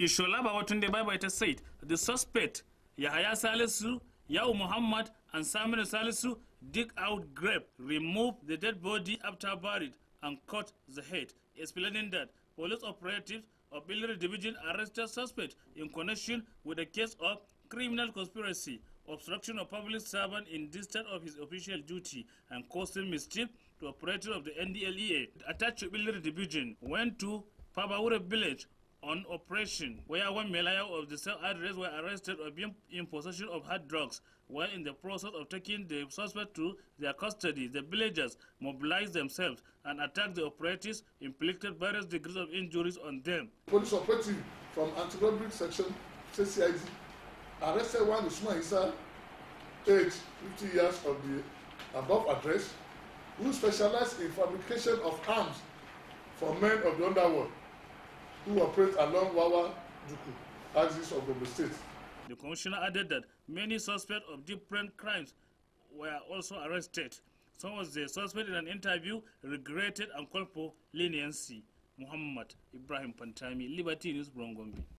Ishola Babatunde Baibaita said the suspect Yahaya Salisu, Yau Muhammad, and Samuel Salisu dig out grave, remove the dead body after buried, and cut the head, explaining that police operatives of Billary Division arrested suspect in connection with the case of criminal conspiracy, obstruction of public servant in distance of his official duty, and causing mischief to operator of the NDLEA attached to Billary Division went to Pabawure village on operation, where one Melaya of the same address were arrested of being in possession of hard drugs. While in the process of taking the suspect to their custody, the villagers mobilized themselves and attacked the operatives, inflicted various degrees of injuries on them. Police operative from anti-robbery section, CCID, arrested one Usman Issa, age 50 years of the above address, who specialized in fabrication of arms for men of the underworld. who operate along Wawa Duku axis of Gombe State. The commissioner added that many suspects of different crimes were also arrested. Some of the suspects in an interview regretted and called for leniency. Muhammad Ibrahim Pantami, Liberty News, Brongombe.